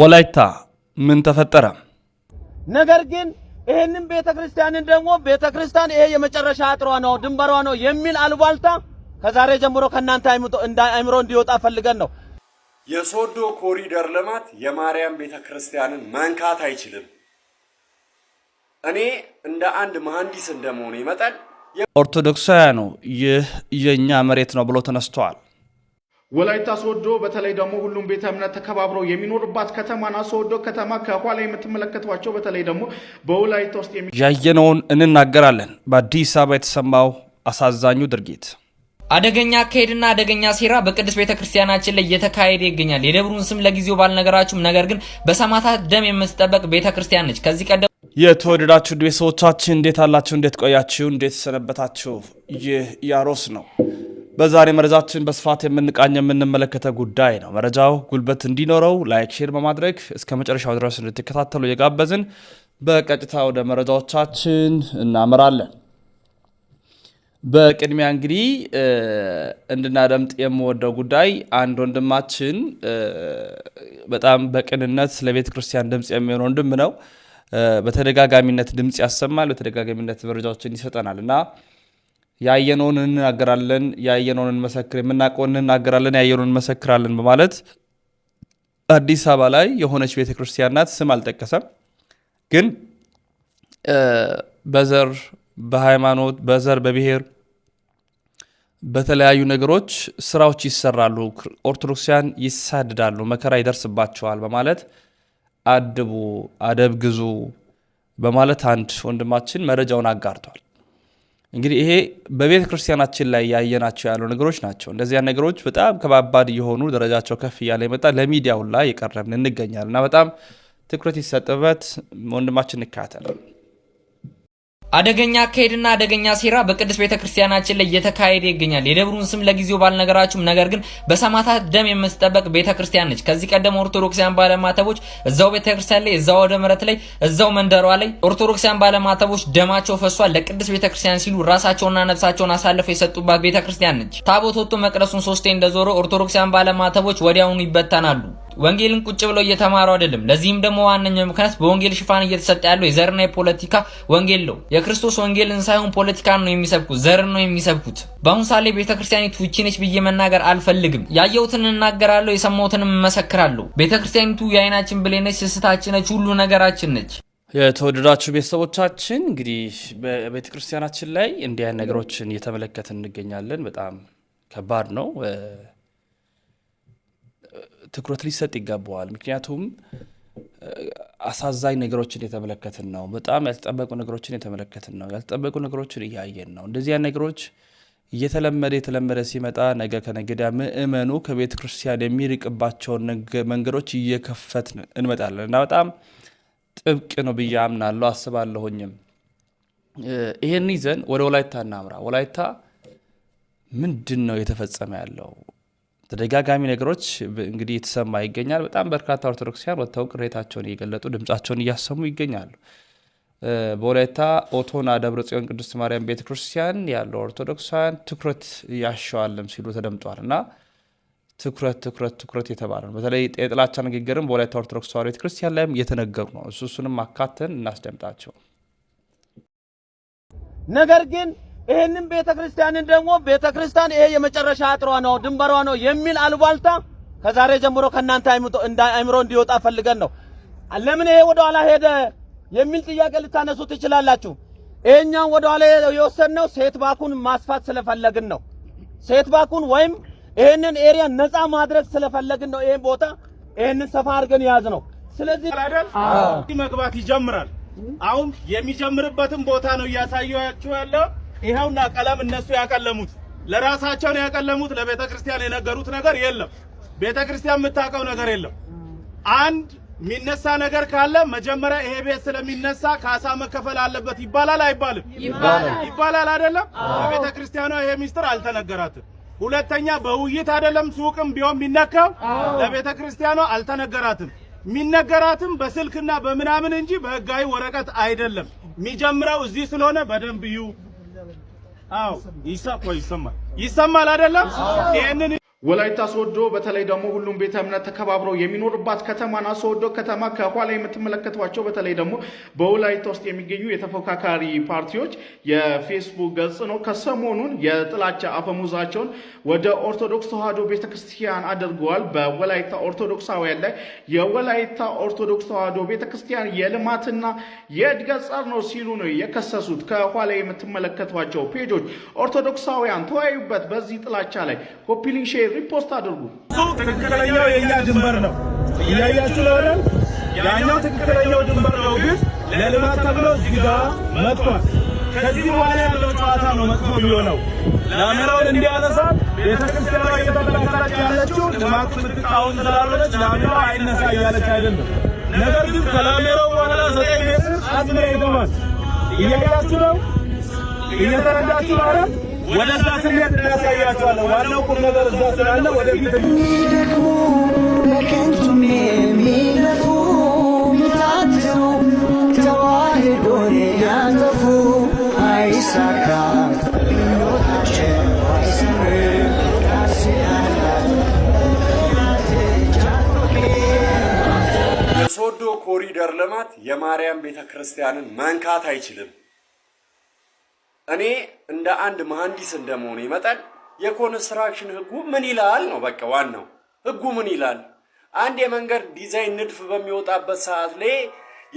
ወላይታ ምን ተፈጠረ? ነገር ግን ይህንን ቤተ ክርስቲያንን ደግሞ ቤተ ክርስቲያን ይሄ የመጨረሻ አጥሯ ነው፣ ድንበሯ ነው የሚል አልባልታ ከዛሬ ጀምሮ ከእናንተ አእምሮ እንዲወጣ ፈልገን ነው። የሶዶ ኮሪደር ልማት የማርያም ቤተ ክርስቲያንን መንካት አይችልም። እኔ እንደ አንድ መሐንዲስ እንደመሆኔ ይመጣል ኦርቶዶክሳውያኑ ይህ የእኛ መሬት ነው ብሎ ተነስተዋል። ወላይታ ሶዶ በተለይ ደግሞ ሁሉም ቤተ እምነት ተከባብረው የሚኖርባት ከተማ ናት። ሶዶ ከተማ ከኋላ የምትመለከቷቸው በተለይ ደግሞ በወላይታ ውስጥ ያየነውን እንናገራለን። በአዲስ አበባ የተሰማው አሳዛኙ ድርጊት፣ አደገኛ አካሄድና አደገኛ ሴራ በቅድስት ቤተ ክርስቲያናችን ላይ እየተካሄደ ይገኛል። የደብሩን ስም ለጊዜው ባልነገራችሁም፣ ነገር ግን በሰማዕታት ደም የምትጠበቅ ቤተ ክርስቲያን ነች። ከዚህ ቀደም የተወደዳችሁ ቤተሰቦቻችን እንዴት አላችሁ? እንዴት ቆያችሁ? እንዴት ሰነበታችሁ? ይህ ያሮስ ነው። በዛሬ መረጃችን በስፋት የምንቃኝ የምንመለከተ ጉዳይ ነው። መረጃው ጉልበት እንዲኖረው ላይክ፣ ሼር በማድረግ እስከ መጨረሻው ድረስ እንድትከታተሉ እየጋበዝን በቀጥታ ወደ መረጃዎቻችን እናመራለን። በቅድሚያ እንግዲህ እንድናደምጥ የምወደው ጉዳይ አንድ ወንድማችን በጣም በቅንነት ለቤተ ክርስቲያን ድምፅ የሚሆን ወንድም ነው። በተደጋጋሚነት ድምፅ ያሰማል፣ በተደጋጋሚነት መረጃዎችን ይሰጠናል እና ያየነውን እንናገራለን፣ ያየነውን እንመሰክር፣ የምናውቀውን እንናገራለን፣ ያየነውን እንመሰክራለን በማለት አዲስ አበባ ላይ የሆነች ቤተክርስቲያን ናት። ስም አልጠቀሰም፣ ግን በዘር በሃይማኖት፣ በዘር በብሔር በተለያዩ ነገሮች ስራዎች ይሰራሉ፣ ኦርቶዶክሲያን ይሳድዳሉ፣ መከራ ይደርስባቸዋል በማለት አድቡ አደብ ግዙ በማለት አንድ ወንድማችን መረጃውን አጋርቷል። እንግዲህ ይሄ በቤተ ክርስቲያናችን ላይ ያየናቸው ያሉ ነገሮች ናቸው። እንደዚያ ነገሮች በጣም ከባባድ የሆኑ ደረጃቸው ከፍ እያለ የመጣ ለሚዲያው ላይ የቀረብን እንገኛል እና በጣም ትኩረት ይሰጥበት ወንድማችን እንካተል አደገኛ አካሄድና አደገኛ ሴራ በቅድስት ቤተ ክርስቲያናችን ላይ እየተካሄደ ይገኛል። የደብሩን ስም ለጊዜው ባልነገራችሁም፣ ነገር ግን በሰማዕታት ደም የምትጠበቅ ቤተ ክርስቲያን ነች። ከዚህ ቀደም ኦርቶዶክሳውያን ባለማተቦች እዛው ቤተ ክርስቲያን ላይ፣ እዛው ወደ ምረት ላይ፣ እዛው መንደሯ ላይ ኦርቶዶክሳውያን ባለማተቦች ደማቸው ፈሷል። ለቅድስት ቤተ ክርስቲያን ሲሉ ራሳቸውና ነፍሳቸውን አሳልፈው የሰጡባት ቤተ ክርስቲያን ነች። ታቦት ወጥቶ መቅደሱን ሶስቴ እንደዞረ ኦርቶዶክሳውያን ባለማተቦች ወዲያውኑ ይበተናሉ። ወንጌልን ቁጭ ብለው እየተማሩ አይደለም። ለዚህም ደግሞ ዋነኛው ምክንያት በወንጌል ሽፋን እየተሰጠ ያለው የዘርና የፖለቲካ ወንጌል ነው። የክርስቶስ ወንጌልን ሳይሆን ፖለቲካን ነው የሚሰብኩት፣ ዘርን ነው የሚሰብኩት። በአሁን ሳሌ ቤተክርስቲያኒቱ ይቺ ነች ብዬ መናገር አልፈልግም። ያየሁትን እናገራለሁ፣ የሰማሁትን እመሰክራለሁ። ቤተክርስቲያኒቱ የአይናችን ብሌ ነች፣ ስስታችን ነች፣ ሁሉ ነገራችን ነች። የተወደዳችሁ ቤተሰቦቻችን እንግዲህ በቤተክርስቲያናችን ላይ እንዲያን ነገሮችን እየተመለከትን እንገኛለን። በጣም ከባድ ነው። ትኩረት ሊሰጥ ይገባዋል። ምክንያቱም አሳዛኝ ነገሮችን የተመለከትን ነው። በጣም ያልተጠበቁ ነገሮችን የተመለከትን ነው። ያልተጠበቁ ነገሮችን እያየን ነው። እንደዚያ ነገሮች እየተለመደ የተለመደ ሲመጣ ነገ ከነገዳ ምእመኑ ከቤተ ክርስቲያን የሚርቅባቸውን መንገዶች እየከፈት እንመጣለን እና በጣም ጥብቅ ነው ብዬ አምናለሁ አስባለሁኝም። ይህን ይዘን ወደ ወላይታ እናምራ። ወላይታ ምንድን ነው የተፈጸመ ያለው? ተደጋጋሚ ነገሮች እንግዲህ የተሰማ ይገኛል። በጣም በርካታ ኦርቶዶክሲያን ወጥተው ቅሬታቸውን እየገለጡ ድምፃቸውን እያሰሙ ይገኛሉ። በወላይታ ኦቶና ደብረ ጽዮን ቅዱስ ማርያም ቤተ ክርስቲያን ያለው ኦርቶዶክሳውያን ትኩረት ያሻዋልም ሲሉ ተደምጧል እና ትኩረት ትኩረት ትኩረት የተባለ ነው። በተለይ የጥላቻ ንግግርም በወላይታ ኦርቶዶክስ ተዋሕዶ ቤተ ክርስቲያን ላይም እየተነገሩ ነው። እሱ እሱንም አካተን እናስደምጣቸው ነገር ግን ይህንን ቤተ ክርስቲያንን ደግሞ ቤተ ክርስቲያን ይሄ የመጨረሻ አጥሯ ነው፣ ድንበሯ ነው የሚል አልቧልታ ከዛሬ ጀምሮ ከእናንተ አይምሮ እንዲወጣ ፈልገን ነው። ለምን ይሄ ወደ ኋላ ሄደ የሚል ጥያቄ ልታነሱ ትችላላችሁ። ይሄኛው ወደ ኋላ የወሰድነው ሴት ባኩን ማስፋት ስለፈለግን ነው። ሴት ባኩን ወይም ይሄንን ኤሪያ ነፃ ማድረግ ስለፈለግን ነው። ይሄን ቦታ ይሄንን ሰፋ አድርገን የያዝ ነው። ስለዚህ መግባት ይጀምራል። አሁን የሚጀምርበትን ቦታ ነው እያሳየኋችሁ ያለው። ይኸውና ቀለም እነሱ ያቀለሙት ለራሳቸው ነው ያቀለሙት። ለቤተ ክርስቲያን የነገሩት ነገር የለም። ቤተ ክርስቲያን የምታውቀው ነገር የለም። አንድ የሚነሳ ነገር ካለ መጀመሪያ ይሄ ቤት ስለሚነሳ ካሳ መከፈል አለበት ይባላል አይባልም? ይባላል አይደለም? በቤተ ክርስቲያኗ ይሄ ሚስጥር አልተነገራትም። ሁለተኛ በውይይት አይደለም ሱቅም ቢሆን የሚነካው ለቤተ ክርስቲያኗ አልተነገራትም። የሚነገራትም በስልክና በምናምን እንጂ በህጋዊ ወረቀት አይደለም። የሚጀምረው እዚህ ስለሆነ በደንብ እዩ። አዎ ይሰማል ይሰማል አይደለም ይሄንን ወላይታ ሶዶ በተለይ ደግሞ ሁሉም ቤተ እምነት ተከባብረው የሚኖርባት ና ሶዶ ከተማ ከኋላ የምትመለከቷቸው በተለይ ደግሞ በወላይታ ውስጥ የሚገኙ የተፎካካሪ ፓርቲዎች የፌስቡክ ገጽ ነው። ከሰሞኑን የጥላቻ አፈሙዛቸውን ወደ ኦርቶዶክስ ተዋህዶ ቤተክርስቲያን አድርገዋል። በወላይታ ኦርቶዶክሳውያን ላይ የወላይታ ኦርቶዶክስ ተዋህዶ ቤተክርስቲያን የልማትና የእድገት ጸር ነው ሲሉ ነው የከሰሱት። ከኋላ የምትመለከቷቸው ፔጆች ኦርቶዶክሳውያን ተወያዩበት። በዚህ ጥላቻ ላይ ኮፒሊንግ ሼር ሪፖስት አድርጉ። ትክክለኛው የእኛ ድንበር ነው። እያያችሁ ለሆነን ያኛው ትክክለኛው ድንበር ነው፣ ግን ለልማት ተብሎ እዚህ ጋ መጥቷል። ከዚህ በኋላ ያለው ጨዋታ ነው መጥፎ የሚሆነው። ላሜራውን እንዲያነሳት ቤተክርስቲያኗ እየተመለከታቸው ያለችው ልማቱ ምትቃወም ስላለች ላሜራው አይነሳ እያለች አይደለም። ነገር ግን ከላሜራው በኋላ ዘጠኝ ሜትር አዝመራ ይተማል። እያያችሁ ነው፣ እየተረዳችሁ ማለት ወደዛ ስሜት እናሳያቸዋለን። ዋናው ቁም ነገር እዛ ስላለ ወደፊት የሶዶ ኮሪደር ልማት የማርያም ቤተ ክርስቲያንን መንካት አይችልም። እኔ እንደ አንድ መሐንዲስ እንደመሆኔ መጠን የኮንስትራክሽን ህጉ ምን ይላል ነው በቃ ዋናው ህጉ ምን ይላል። አንድ የመንገድ ዲዛይን ንድፍ በሚወጣበት ሰዓት ላይ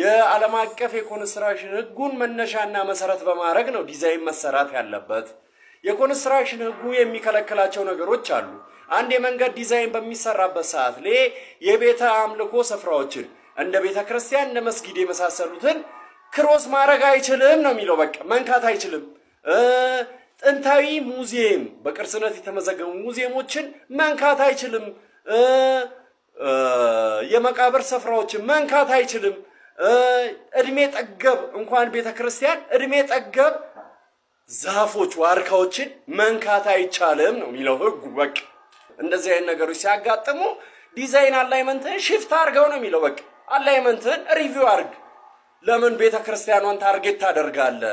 የዓለም አቀፍ የኮንስትራክሽን ህጉን መነሻና መሰረት በማድረግ ነው ዲዛይን መሰራት ያለበት። የኮንስትራክሽን ህጉ የሚከለክላቸው ነገሮች አሉ። አንድ የመንገድ ዲዛይን በሚሰራበት ሰዓት ላይ የቤተ አምልኮ ስፍራዎችን እንደ ቤተ ክርስቲያን፣ እንደ መስጊድ የመሳሰሉትን ክሮስ ማድረግ አይችልም ነው የሚለው። በቃ መንካት አይችልም። ጥንታዊ ሙዚየም፣ በቅርስነት የተመዘገቡ ሙዚየሞችን መንካት አይችልም። የመቃብር ስፍራዎችን መንካት አይችልም። እድሜ ጠገብ እንኳን ቤተ ክርስቲያን እድሜ ጠገብ ዛፎች፣ ዋርካዎችን መንካት አይቻልም ነው የሚለው ህጉ። በቃ እንደዚህ አይነት ነገሮች ሲያጋጥሙ ዲዛይን አላይመንትን ሽፍት አድርገው ነው የሚለው። በቃ አላይመንትን ሪቪው አድርግ ለምን ቤተ ክርስቲያኗን ታርጌት ታደርጋለ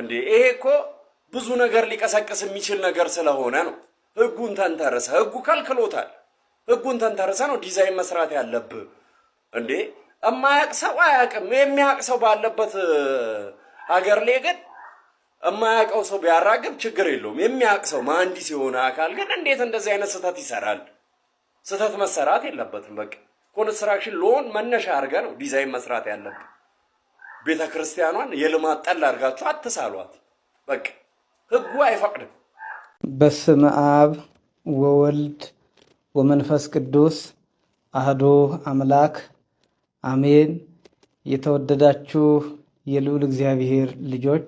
እንዴ? ይሄ እኮ ብዙ ነገር ሊቀሰቅስ የሚችል ነገር ስለሆነ ነው። ህጉን ተንተርሰ ህጉ ከልክሎታል። ህጉን ተንተርሰ ነው ዲዛይን መስራት ያለብ እንዴ። እማያቅ ሰው አያቅም። የሚያቅ ሰው ባለበት አገር ላይ ግን እማያውቀው ሰው ቢያራግብ ችግር የለውም። የሚያቅ ሰው መሐንዲስ የሆነ አካል ግን እንዴት እንደዚህ አይነት ስህተት ይሰራል? ስህተት መሰራት የለበትም በቃ ኮንስትራክሽን ሎን መነሻ አድርገ ነው ዲዛይን መስራት ያለብን። ቤተ ክርስቲያኗን የልማት ጠል አድርጋችሁ አትሳሏት። በቃ ህጉ አይፈቅድም። በስመ አብ ወወልድ ወመንፈስ ቅዱስ አህዶ አምላክ አሜን። የተወደዳችሁ የልዑል እግዚአብሔር ልጆች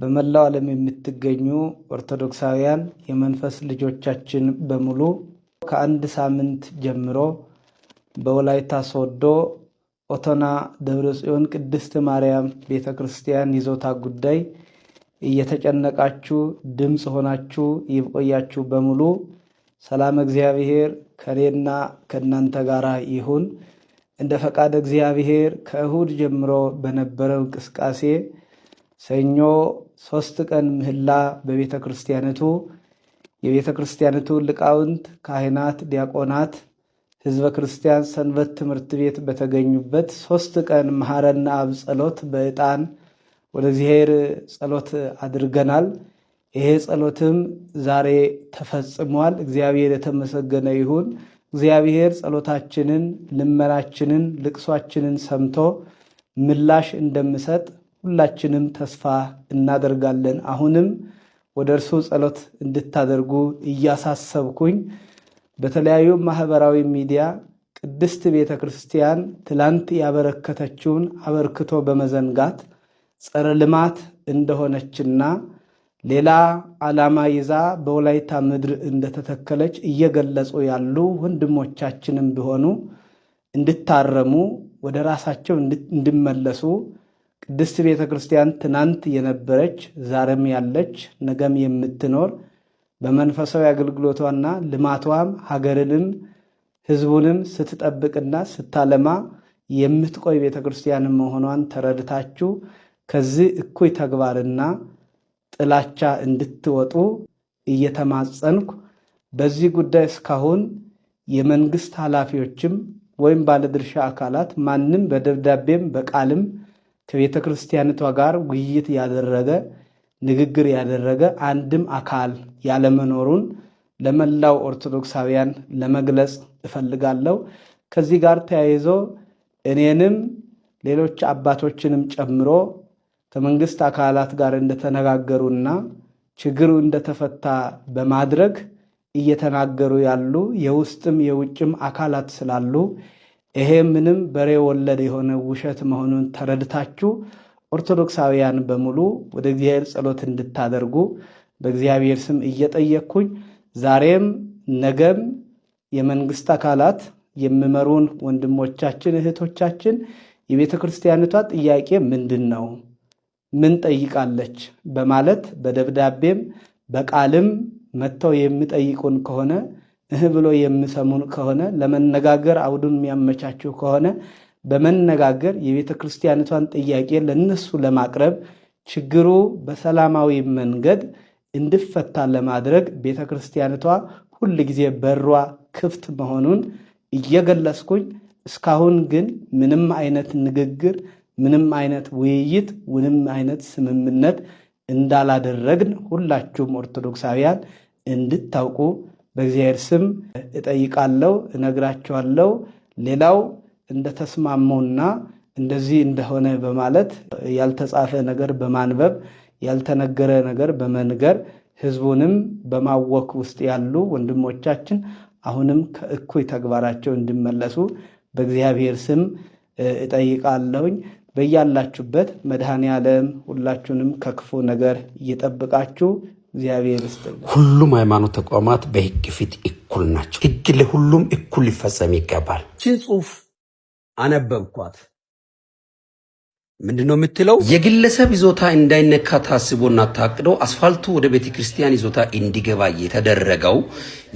በመላው ዓለም የምትገኙ ኦርቶዶክሳውያን የመንፈስ ልጆቻችን በሙሉ ከአንድ ሳምንት ጀምሮ በወላይታ ሶዶ ኦቶና ደብረ ጽዮን ቅድስት ማርያም ቤተ ክርስቲያን ይዞታ ጉዳይ እየተጨነቃችሁ ድምፅ ሆናችሁ ይቆያችሁ በሙሉ ሰላም እግዚአብሔር ከእኔና ከእናንተ ጋር ይሁን። እንደ ፈቃድ እግዚአብሔር ከእሁድ ጀምሮ በነበረው እንቅስቃሴ ሰኞ ሶስት ቀን ምህላ በቤተ ክርስቲያንቱ የቤተ ክርስቲያንቱ ሊቃውንት ካህናት፣ ዲያቆናት ህዝበ ክርስቲያን ሰንበት ትምህርት ቤት በተገኙበት ሶስት ቀን መሐረና አብ ጸሎት በዕጣን ወደ እግዚአብሔር ጸሎት አድርገናል። ይሄ ጸሎትም ዛሬ ተፈጽሟል። እግዚአብሔር የተመሰገነ ይሁን። እግዚአብሔር ጸሎታችንን፣ ልመናችንን፣ ልቅሷችንን ሰምቶ ምላሽ እንደምሰጥ ሁላችንም ተስፋ እናደርጋለን። አሁንም ወደ እርሱ ጸሎት እንድታደርጉ እያሳሰብኩኝ በተለያዩ ማህበራዊ ሚዲያ ቅድስት ቤተ ክርስቲያን ትላንት ያበረከተችውን አበርክቶ በመዘንጋት ጸረ ልማት እንደሆነችና ሌላ ዓላማ ይዛ በወላይታ ምድር እንደተተከለች እየገለጹ ያሉ ወንድሞቻችንም ቢሆኑ እንድታረሙ ወደ ራሳቸው እንዲመለሱ ቅድስት ቤተ ክርስቲያን ትናንት የነበረች ዛሬም ያለች ነገም የምትኖር በመንፈሳዊ አገልግሎቷና ልማቷም ሀገርንም ሕዝቡንም ስትጠብቅና ስታለማ የምትቆይ ቤተክርስቲያን መሆኗን ተረድታችሁ ከዚህ እኩይ ተግባርና ጥላቻ እንድትወጡ እየተማጸንኩ በዚህ ጉዳይ እስካሁን የመንግስት ኃላፊዎችም ወይም ባለድርሻ አካላት ማንም በደብዳቤም በቃልም ከቤተ ጋር ውይይት ያደረገ ንግግር ያደረገ አንድም አካል ያለመኖሩን ለመላው ኦርቶዶክሳውያን ለመግለጽ እፈልጋለሁ። ከዚህ ጋር ተያይዞ እኔንም ሌሎች አባቶችንም ጨምሮ ከመንግስት አካላት ጋር እንደተነጋገሩና ችግሩ እንደተፈታ በማድረግ እየተናገሩ ያሉ የውስጥም የውጭም አካላት ስላሉ ይሄ ምንም በሬ ወለድ የሆነ ውሸት መሆኑን ተረድታችሁ ኦርቶዶክሳውያን በሙሉ ወደ እግዚአብሔር ጸሎት እንድታደርጉ በእግዚአብሔር ስም እየጠየቅኩኝ ዛሬም ነገም የመንግስት አካላት የሚመሩን ወንድሞቻችን እህቶቻችን የቤተ ክርስቲያኒቷ ጥያቄ ምንድን ነው? ምን ጠይቃለች? በማለት በደብዳቤም በቃልም መጥተው የሚጠይቁን ከሆነ እህ ብሎ የሚሰሙን ከሆነ ለመነጋገር አውዱን የሚያመቻችው ከሆነ በመነጋገር የቤተ ክርስቲያኒቷን ጥያቄ ለእነሱ ለማቅረብ ችግሩ በሰላማዊ መንገድ እንድፈታን ለማድረግ ቤተ ክርስቲያንቷ ሁል ጊዜ በሯ ክፍት መሆኑን እየገለጽኩኝ እስካሁን ግን ምንም አይነት ንግግር፣ ምንም አይነት ውይይት፣ ምንም አይነት ስምምነት እንዳላደረግን ሁላችሁም ኦርቶዶክሳውያን እንድታውቁ በእግዚአብሔር ስም እጠይቃለሁ፣ እነግራችኋለሁ። ሌላው እንደተስማመውና እንደዚህ እንደሆነ በማለት ያልተጻፈ ነገር በማንበብ ያልተነገረ ነገር በመንገር ህዝቡንም በማወክ ውስጥ ያሉ ወንድሞቻችን አሁንም ከእኩይ ተግባራቸው እንዲመለሱ በእግዚአብሔር ስም እጠይቃለሁኝ። በያላችሁበት መድኃኔ ዓለም ሁላችሁንም ከክፉ ነገር እየጠብቃችሁ እግዚአብሔር ይስጥልን። ሁሉም ሃይማኖት ተቋማት በህግ ፊት እኩል ናቸው። ህግ ለሁሉም እኩል ሊፈጸም ይገባል። ቺ ጽሁፍ አነበብኳት። ምንድን ነው የምትለው? የግለሰብ ይዞታ እንዳይነካ ታስቦና ታቅዶ አስፋልቱ ወደ ቤተ ክርስቲያን ይዞታ እንዲገባ የተደረገው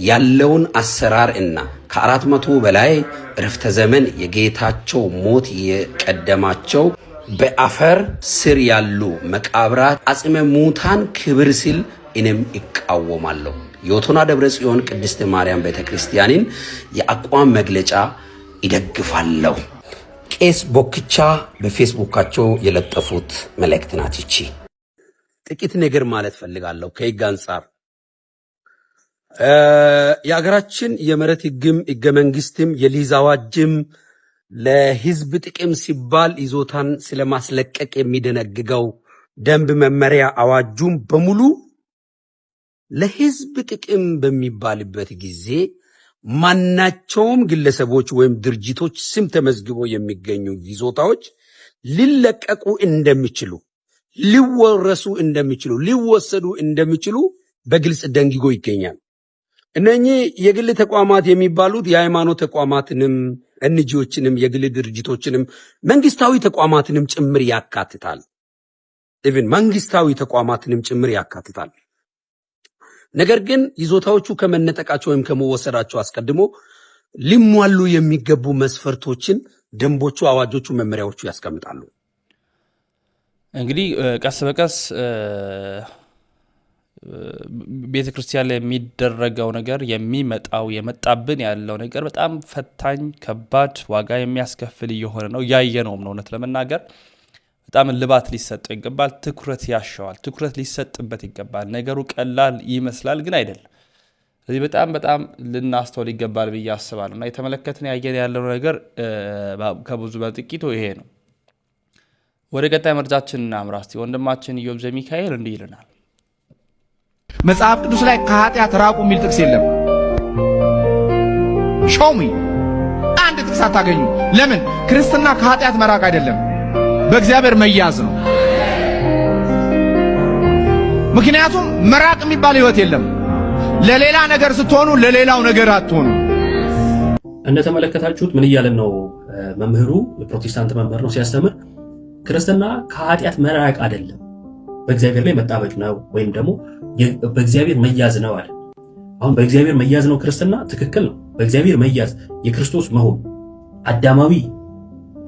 ያለውን አሰራር እና ከአራት መቶ በላይ እረፍተ ዘመን የጌታቸው ሞት የቀደማቸው በአፈር ስር ያሉ መቃብራት አጽመ ሙታን ክብር ሲል እኔም ይቃወማለሁ። የኦቶና ደብረ ጽዮን ቅድስት ማርያም ቤተ ክርስቲያንን የአቋም መግለጫ ይደግፋለሁ። ቄስ ቦክቻ በፌስቡካቸው የለጠፉት መልእክት ናት ይቺ። ጥቂት ነገር ማለት ፈልጋለሁ ከህግ አንጻር የሀገራችን የመሬት ህግም ህገ መንግስትም የሊዝ አዋጅም ለህዝብ ጥቅም ሲባል ይዞታን ስለማስለቀቅ የሚደነግገው ደንብ፣ መመሪያ፣ አዋጁም በሙሉ ለህዝብ ጥቅም በሚባልበት ጊዜ ማናቸውም ግለሰቦች ወይም ድርጅቶች ስም ተመዝግቦ የሚገኙ ይዞታዎች ሊለቀቁ እንደሚችሉ፣ ሊወረሱ እንደሚችሉ፣ ሊወሰዱ እንደሚችሉ በግልጽ ደንግጎ ይገኛል። እነኚህ የግል ተቋማት የሚባሉት የሃይማኖት ተቋማትንም እንጂዎችንም የግል ድርጅቶችንም መንግስታዊ ተቋማትንም ጭምር ያካትታል። ኢቭን መንግስታዊ ተቋማትንም ጭምር ያካትታል። ነገር ግን ይዞታዎቹ ከመነጠቃቸው ወይም ከመወሰዳቸው አስቀድሞ ሊሟሉ የሚገቡ መስፈርቶችን ደንቦቹ፣ አዋጆቹ፣ መመሪያዎቹ ያስቀምጣሉ። እንግዲህ ቀስ በቀስ ቤተ ክርስቲያን ላይ የሚደረገው ነገር የሚመጣው የመጣብን ያለው ነገር በጣም ፈታኝ ከባድ ዋጋ የሚያስከፍል እየሆነ ነው፣ እያየነውም ነው እውነት ለመናገር በጣም ልባት ሊሰጠው ይገባል። ትኩረት ያሻዋል። ትኩረት ሊሰጥበት ይገባል። ነገሩ ቀላል ይመስላል፣ ግን አይደለም። ስለዚህ በጣም በጣም ልናስተውል ይገባል ብዬ አስባለሁ እና የተመለከትን ያየን ያለው ነገር ከብዙ በጥቂቱ ይሄ ነው። ወደ ቀጣይ መረጃችን እናምራ ወንድማችን ኢዮብ ዘሚካኤል እንዲህ ይልናል። መጽሐፍ ቅዱስ ላይ ከኃጢአት ራቁ የሚል ጥቅስ የለም። ሾሚ አንድ ጥቅስ አታገኙ። ለምን? ክርስትና ከኃጢአት መራቅ አይደለም። በእግዚአብሔር መያዝ ነው። ምክንያቱም መራቅ የሚባል ህይወት የለም። ለሌላ ነገር ስትሆኑ ለሌላው ነገር አትሆኑ። እንደተመለከታችሁት ምን እያለን ነው? መምህሩ የፕሮቴስታንት መምህር ነው ሲያስተምር፣ ክርስትና ከኃጢአት መራቅ አይደለም፣ በእግዚአብሔር ላይ መጣበቅ ነው ወይም ደግሞ በእግዚአብሔር መያዝ ነው አለ። አሁን በእግዚአብሔር መያዝ ነው ክርስትና ትክክል ነው። በእግዚአብሔር መያዝ የክርስቶስ መሆን አዳማዊ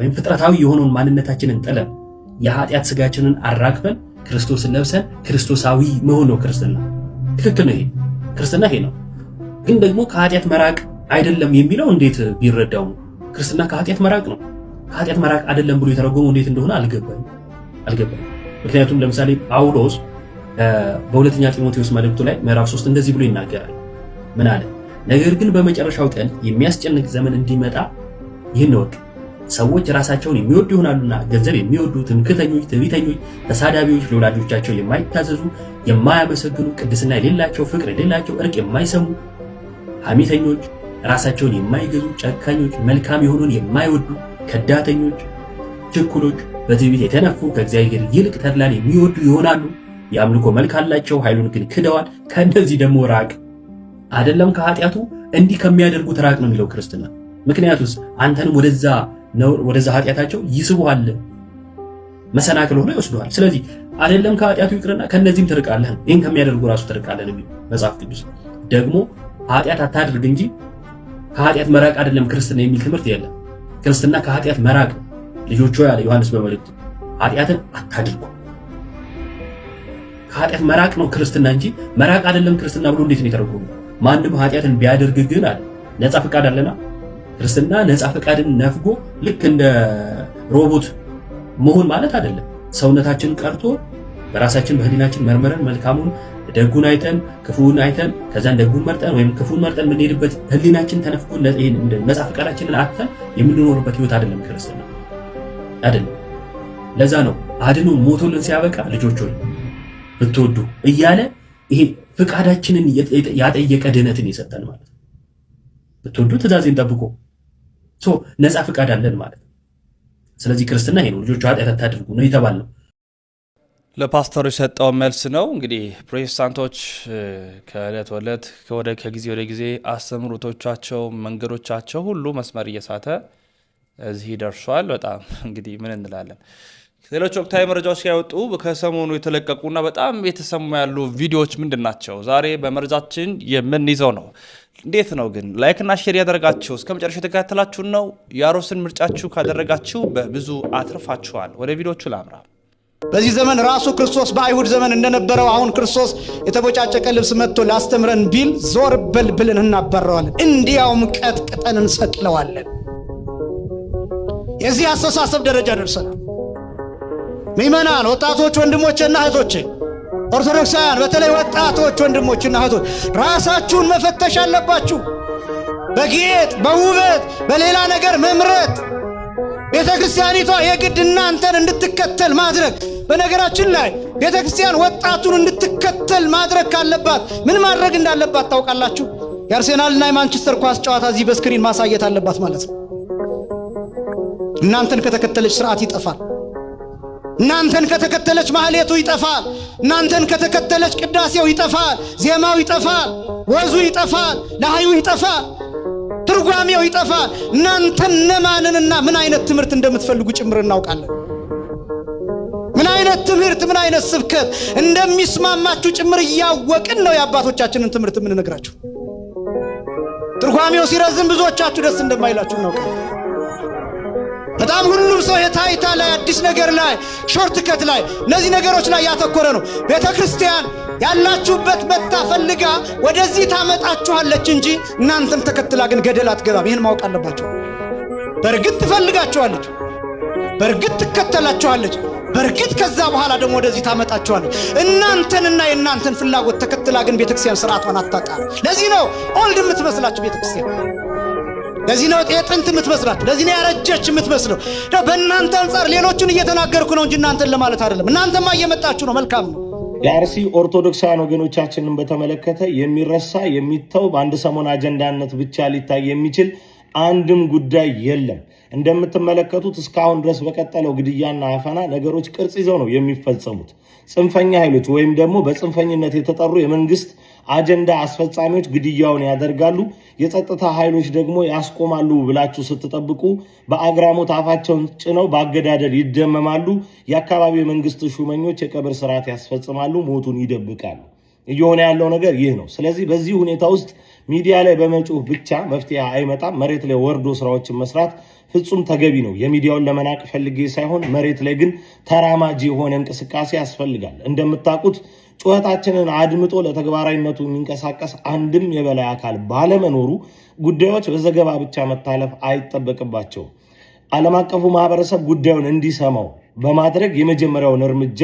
ወይም ፍጥረታዊ የሆነውን ማንነታችንን ጥለን የኃጢአት ስጋችንን አራግፈን ክርስቶስን ለብሰን ክርስቶሳዊ መሆን ነው ክርስትና። ትክክል ነው። ይሄ ክርስትና ይሄ ነው። ግን ደግሞ ከኃጢአት መራቅ አይደለም የሚለው እንዴት ቢረዳው ክርስትና ከኃጢአት መራቅ ነው። ከኃጢአት መራቅ አይደለም ብሎ የተረጎመው እንዴት እንደሆነ አልገባኝ አልገባኝ። ምክንያቱም ለምሳሌ ጳውሎስ በሁለተኛ ጢሞቴዎስ መልእክቱ ላይ ምዕራፍ 3 እንደዚህ ብሎ ይናገራል። ምን አለ? ነገር ግን በመጨረሻው ቀን የሚያስጨንቅ ዘመን እንዲመጣ ይህን ወቅ ሰዎች ራሳቸውን የሚወዱ ይሆናሉና ገንዘብ የሚወዱ ትምክህተኞች፣ ትዕቢተኞች፣ ተሳዳቢዎች፣ ለወላጆቻቸው የማይታዘዙ፣ የማያመሰግኑ፣ ቅድስና የሌላቸው፣ ፍቅር የሌላቸው፣ እርቅ የማይሰሙ፣ ሐሜተኞች፣ ራሳቸውን የማይገዙ፣ ጨካኞች፣ መልካም የሆኑን የማይወዱ፣ ከዳተኞች፣ ችኩሎች፣ በትዕቢት የተነፉ ከእግዚአብሔር ይልቅ ተድላን የሚወዱ ይሆናሉ። የአምልኮ መልክ አላቸው፣ ኃይሉን ግን ክደዋል። ከእንደዚህ ደግሞ ራቅ። አይደለም ከኃጢአቱ እንዲህ ከሚያደርጉት ራቅ ነው የሚለው ክርስትና። ምክንያቱስ አንተንም ወደዛ ወደዛ ኃጢአታቸው ይስቡሃል፣ መሰናክል ሆነ ይወስዱሃል። ስለዚህ አይደለም ከኃጢአቱ ይቅርና ከነዚህም ትርቃለህ። ይህን ከሚያደርጉ ራሱ ትርቃለህ መጽሐፍ ቅዱስ ደግሞ ኃጢአት አታድርግ እንጂ ከኃጢአት መራቅ አይደለም ክርስትና የሚል ትምህርት የለም። ክርስትና ከኃጢአት መራቅ ልጆቹ ያለ ዮሐንስ በመልእክቱ ኃጢአትን አታድርጉ ከኃጢአት መራቅ ነው ክርስትና እንጂ መራቅ አይደለም ክርስትና ብሎ እንዴት ነው የተረጎመው? ማንም ኃጢአትን ቢያደርግ ግን አለ ነፃ ፈቃድ አለና ክርስትና ነፃ ፈቃድን ነፍጎ ልክ እንደ ሮቦት መሆን ማለት አይደለም። ሰውነታችን ቀርቶ በራሳችን በህሊናችን መርመረን መልካሙን ደጉን አይተን ክፉን አይተን ከዛን ደጉን መርጠን ወይም ክፉን መርጠን የምንሄድበት ህሊናችን ተነፍጎ ነፃ ፈቃዳችንን አጥተን የምንኖርበት ህይወት አይደለም ክርስትና አይደለም። ለዛ ነው አድኖ ሞቶልን ሲያበቃ ልጆች ሆይ ብትወዱ እያለ ይሄ ፍቃዳችንን ያጠየቀ ድህነትን የሰጠን ማለት ነው። ብትወዱ ትእዛዜን ጠብቆ ነፃ ፍቃድ አለን ማለት ነው። ስለዚህ ክርስትና ይሄ ነው። ልጆቹ ኃጢአት አታድርጉ ነው የተባለው። ለፓስተሩ የሰጠው መልስ ነው። እንግዲህ ፕሮቴስታንቶች ከእለት ወለት ወደ ከጊዜ ወደ ጊዜ አስተምሮቶቻቸው፣ መንገዶቻቸው ሁሉ መስመር እየሳተ እዚህ ደርሷል። በጣም እንግዲህ ምን እንላለን። ሌሎች ወቅታዊ መረጃዎች ሲያወጡ ከሰሞኑ የተለቀቁና በጣም የተሰሙ ያሉ ቪዲዮዎች ምንድን ናቸው? ዛሬ በመረጃችን የምንይዘው ነው። እንዴት ነው ግን ላይክና ሼር ያደረጋችሁ እስከ መጨረሻ የተከታተላችሁን ነው። ያሮስን ምርጫችሁ ካደረጋችሁ በብዙ አትርፋችኋል። ወደ ቪዲዮቹ ላምራ። በዚህ ዘመን ራሱ ክርስቶስ በአይሁድ ዘመን እንደነበረው አሁን ክርስቶስ የተቦጫጨቀ ልብስ መጥቶ ላስተምረን ቢል ዞር በል ብለን እናባረዋለን፣ እንዲያውም ቀጥቅጠን እንሰቅለዋለን። የዚህ አስተሳሰብ ደረጃ ደርሰናል። ምዕመናን፣ ወጣቶች፣ ወንድሞቼና እህቶቼ ኦርቶዶክሳውያን በተለይ ወጣቶች ወንድሞችና እህቶች ራሳችሁን መፈተሽ አለባችሁ። በጌጥ በውበት በሌላ ነገር መምረጥ ቤተ ክርስቲያኒቷ የግድ እናንተን እንድትከተል ማድረግ። በነገራችን ላይ ቤተ ክርስቲያን ወጣቱን እንድትከተል ማድረግ ካለባት ምን ማድረግ እንዳለባት ታውቃላችሁ? የአርሴናልና የማንቸስተር ኳስ ጨዋታ እዚህ በስክሪን ማሳየት አለባት ማለት ነው። እናንተን ከተከተለች ስርዓት ይጠፋል። እናንተን ከተከተለች ማህሌቱ ይጠፋል። እናንተን ከተከተለች ቅዳሴው ይጠፋል፣ ዜማው ይጠፋል፣ ወዙ ይጠፋል፣ ለሃዩ ይጠፋል፣ ትርጓሜው ይጠፋል። እናንተን ነማንንና ምን አይነት ትምህርት እንደምትፈልጉ ጭምር እናውቃለን። ምን አይነት ትምህርት፣ ምን አይነት ስብከት እንደሚስማማችሁ ጭምር እያወቅን ነው የአባቶቻችንን ትምህርት የምንነግራችሁ። ትርጓሜው ሲረዝም ብዙዎቻችሁ ደስ እንደማይላችሁ እናውቃለን። በጣም ሁሉም ሰው የታይታ ላይ አዲስ ነገር ላይ ሾርትከት ላይ እነዚህ ነገሮች ላይ ያተኮረ ነው። ቤተ ክርስቲያን ያላችሁበት መታ ፈልጋ ወደዚህ ታመጣችኋለች እንጂ እናንተም ተከትላ ግን ገደል አትገባም። ይህን ማወቅ አለባቸው። በእርግጥ ትፈልጋችኋለች፣ በእርግጥ ትከተላችኋለች፣ በእርግጥ ከዛ በኋላ ደግሞ ወደዚህ ታመጣችኋለች። እናንተንና የእናንተን ፍላጎት ተከትላ ግን ቤተክርስቲያን ስርዓቷን አታጣ። ለዚህ ነው ኦልድ የምትመስላችሁ ቤተክርስቲያን ለዚህ ነው የጥንት የምትመስላት፣ ለዚህ ነው ያረጀች የምትመስለው። በእናንተ አንጻር ሌሎችን እየተናገርኩ ነው እንጂ እናንተን ለማለት አይደለም። እናንተማ እየመጣችሁ ነው፣ መልካም ነው። የአርሲ ኦርቶዶክሳውያን ወገኖቻችንን በተመለከተ የሚረሳ የሚተው በአንድ ሰሞን አጀንዳነት ብቻ ሊታይ የሚችል አንድም ጉዳይ የለም። እንደምትመለከቱት እስካሁን ድረስ በቀጠለው ግድያና አፈና ነገሮች ቅርጽ ይዘው ነው የሚፈጸሙት። ጽንፈኛ ኃይሎች ወይም ደግሞ በጽንፈኝነት የተጠሩ የመንግስት አጀንዳ አስፈጻሚዎች ግድያውን ያደርጋሉ፣ የጸጥታ ኃይሎች ደግሞ ያስቆማሉ ብላችሁ ስትጠብቁ በአግራሞት አፋቸውን ጭነው በአገዳደል ይደመማሉ። የአካባቢው የመንግስት ሹመኞች የቀብር ስርዓት ያስፈጽማሉ፣ ሞቱን ይደብቃሉ። እየሆነ ያለው ነገር ይህ ነው። ስለዚህ በዚህ ሁኔታ ውስጥ ሚዲያ ላይ በመጮህ ብቻ መፍትሄ አይመጣም። መሬት ላይ ወርዶ ስራዎችን መስራት ፍጹም ተገቢ ነው። የሚዲያውን ለመናቅ ፈልጌ ሳይሆን መሬት ላይ ግን ተራማጅ የሆነ እንቅስቃሴ ያስፈልጋል። እንደምታውቁት ጩኸታችንን አድምጦ ለተግባራዊነቱ የሚንቀሳቀስ አንድም የበላይ አካል ባለመኖሩ ጉዳዮች በዘገባ ብቻ መታለፍ አይጠበቅባቸውም። ዓለም አቀፉ ማህበረሰብ ጉዳዩን እንዲሰማው በማድረግ የመጀመሪያውን እርምጃ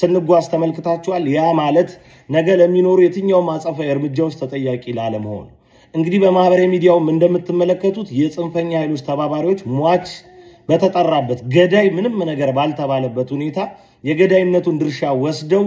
ስንጓዝ ተመልክታችኋል። ያ ማለት ነገ ለሚኖሩ የትኛውም አጸፋዊ እርምጃዎች ተጠያቂ ላለመሆን። እንግዲህ በማህበራዊ ሚዲያውም እንደምትመለከቱት የጽንፈኛ ኃይሎች ተባባሪዎች ሟች በተጠራበት ገዳይ ምንም ነገር ባልተባለበት ሁኔታ የገዳይነቱን ድርሻ ወስደው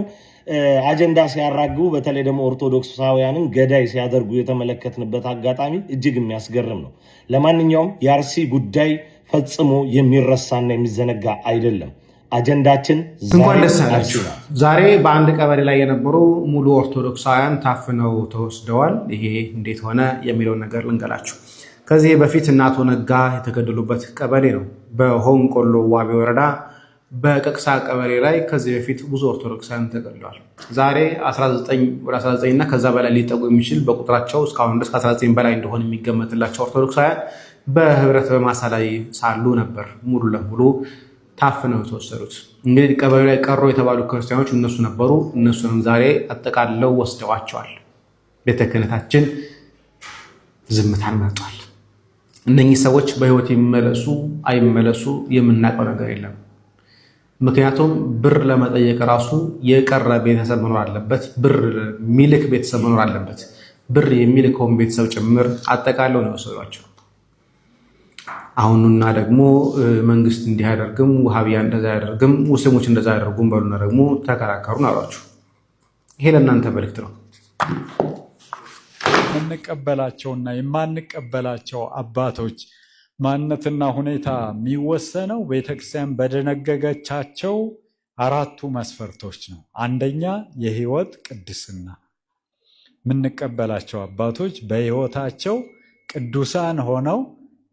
አጀንዳ ሲያራግቡ በተለይ ደግሞ ኦርቶዶክሳውያንን ገዳይ ሲያደርጉ የተመለከትንበት አጋጣሚ እጅግ የሚያስገርም ነው። ለማንኛውም የአርሲ ጉዳይ ፈጽሞ የሚረሳና የሚዘነጋ አይደለም። አጀንዳችን እንኳን ደስ አላችሁ። ዛሬ በአንድ ቀበሌ ላይ የነበሩ ሙሉ ኦርቶዶክሳውያን ታፍነው ተወስደዋል። ይሄ እንዴት ሆነ የሚለውን ነገር ልንገላችሁ። ከዚህ በፊት እናቶ ነጋ የተገደሉበት ቀበሌ ነው በሆንቆሎ ዋቢ ወረዳ በቀቅሳ ቀበሌ ላይ ከዚህ በፊት ብዙ ኦርቶዶክሳውያን ተገድለዋል። ዛሬ 19 ወደ 19 እና ከዛ በላይ ሊጠጉ የሚችል በቁጥራቸው እስካሁን ድረስ ከ19 በላይ እንደሆነ የሚገመትላቸው ኦርቶዶክሳውያን በህብረት በማሳ ላይ ሳሉ ነበር ሙሉ ለሙሉ ታፍነው የተወሰዱት። እንግዲህ ቀበሌ ላይ ቀሮ የተባሉ ክርስቲያኖች እነሱ ነበሩ። እነሱንም ዛሬ አጠቃልለው ወስደዋቸዋል። ቤተ ክህነታችን ዝምታን መርጧል። እነኚህ ሰዎች በህይወት ይመለሱ አይመለሱ የምናውቀው ነገር የለም። ምክንያቱም ብር ለመጠየቅ ራሱ የቀረ ቤተሰብ መኖር አለበት። ብር ሚልክ ቤተሰብ መኖር አለበት። ብር የሚልከውን ቤተሰብ ጭምር አጠቃለው ነው የወሰዷቸው። አሁኑና ደግሞ መንግስት እንዲህ አያደርግም፣ ውሃቢያ እንደዛ አያደርግም፣ ሙስሊሞች እንደዛ አያደርጉም በሉና ደግሞ ተከራከሩን አሏችሁ። ይሄ ለእናንተ መልእክት ነው። የምንቀበላቸውና የማንቀበላቸው አባቶች ማንነትና ሁኔታ የሚወሰነው ቤተክርስቲያን በደነገገቻቸው አራቱ መስፈርቶች ነው። አንደኛ የህይወት ቅድስና፣ የምንቀበላቸው አባቶች በህይወታቸው ቅዱሳን ሆነው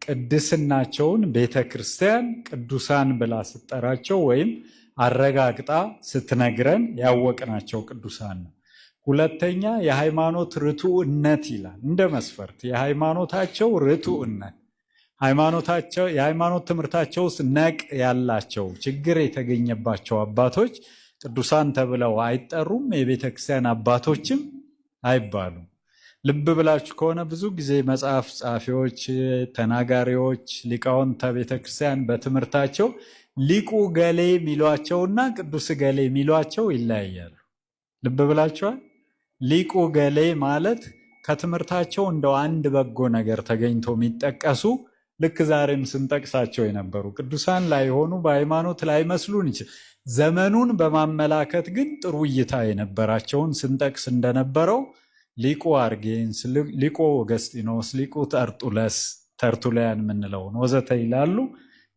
ቅድስናቸውን ቤተክርስቲያን ቅዱሳን ብላ ስጠራቸው ወይም አረጋግጣ ስትነግረን ያወቅናቸው ቅዱሳን ነው። ሁለተኛ የሃይማኖት ርቱዕነት ይላል እንደ መስፈርት የሃይማኖታቸው ርቱዕነት ሃይማኖታቸው የሃይማኖት ትምህርታቸው ውስጥ ነቅ ያላቸው ችግር የተገኘባቸው አባቶች ቅዱሳን ተብለው አይጠሩም። የቤተ ክርስቲያን አባቶችም አይባሉም። ልብ ብላችሁ ከሆነ ብዙ ጊዜ መጽሐፍ ጻፊዎች፣ ተናጋሪዎች፣ ሊቃውንተ ቤተ ክርስቲያን በትምህርታቸው ሊቁ ገሌ ሚሏቸውና ቅዱስ ገሌ የሚሏቸው ይለያያሉ። ልብ ብላችኋል። ሊቁ ገሌ ማለት ከትምህርታቸው እንደው አንድ በጎ ነገር ተገኝቶ የሚጠቀሱ ልክ ዛሬም ስንጠቅሳቸው የነበሩ ቅዱሳን ላይሆኑ በሃይማኖት ላይመስሉን ይችል ዘመኑን በማመላከት ግን ጥሩ እይታ የነበራቸውን ስንጠቅስ እንደነበረው ሊቁ አርጌንስ፣ ሊቁ ኦገስጢኖስ፣ ሊቁ ተርጡለስ ተርቱላያን የምንለውን ወዘተ ይላሉ።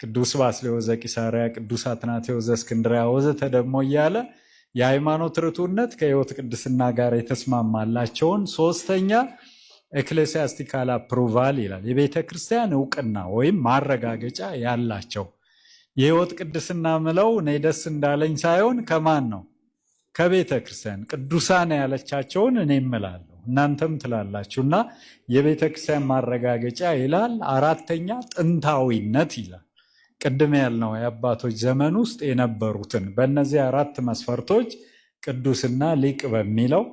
ቅዱስ ባስልዮስ ዘቂሳርያ፣ ቅዱስ አትናቴዎስ ዘእስክንድርያ ወዘተ ደግሞ እያለ የሃይማኖት ርቱነት ከህይወት ቅድስና ጋር የተስማማላቸውን ሶስተኛ ኤክሌሲያስቲካል አፕሩቫል ይላል። የቤተ ክርስቲያን እውቅና ወይም ማረጋገጫ ያላቸው የህይወት ቅድስና ምለው እኔ ደስ እንዳለኝ ሳይሆን ከማን ነው? ከቤተ ክርስቲያን ቅዱሳን ያለቻቸውን እኔ እምላለሁ እናንተም ትላላችሁ እና የቤተ ክርስቲያን ማረጋገጫ ይላል። አራተኛ ጥንታዊነት ይላል። ቅድም ያልነው የአባቶች ዘመን ውስጥ የነበሩትን በእነዚህ አራት መስፈርቶች ቅዱስና ሊቅ በሚለው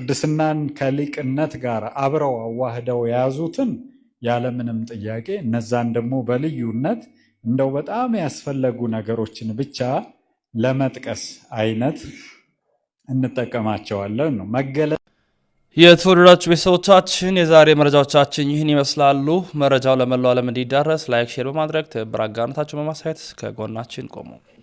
ቅድስናን ከሊቅነት ጋር አብረው አዋህደው የያዙትን ያለምንም ጥያቄ እነዛን ደግሞ በልዩነት እንደው በጣም ያስፈለጉ ነገሮችን ብቻ ለመጥቀስ አይነት እንጠቀማቸዋለን ነው መገለ የተወደዳችሁ ቤተሰቦቻችን የዛሬ መረጃዎቻችን ይህን ይመስላሉ። መረጃው ለመላው ዓለም እንዲዳረስ ላይክ፣ ሼር በማድረግ ትብብር አጋርነታችሁን በማሳየት ከጎናችን ቆሙ።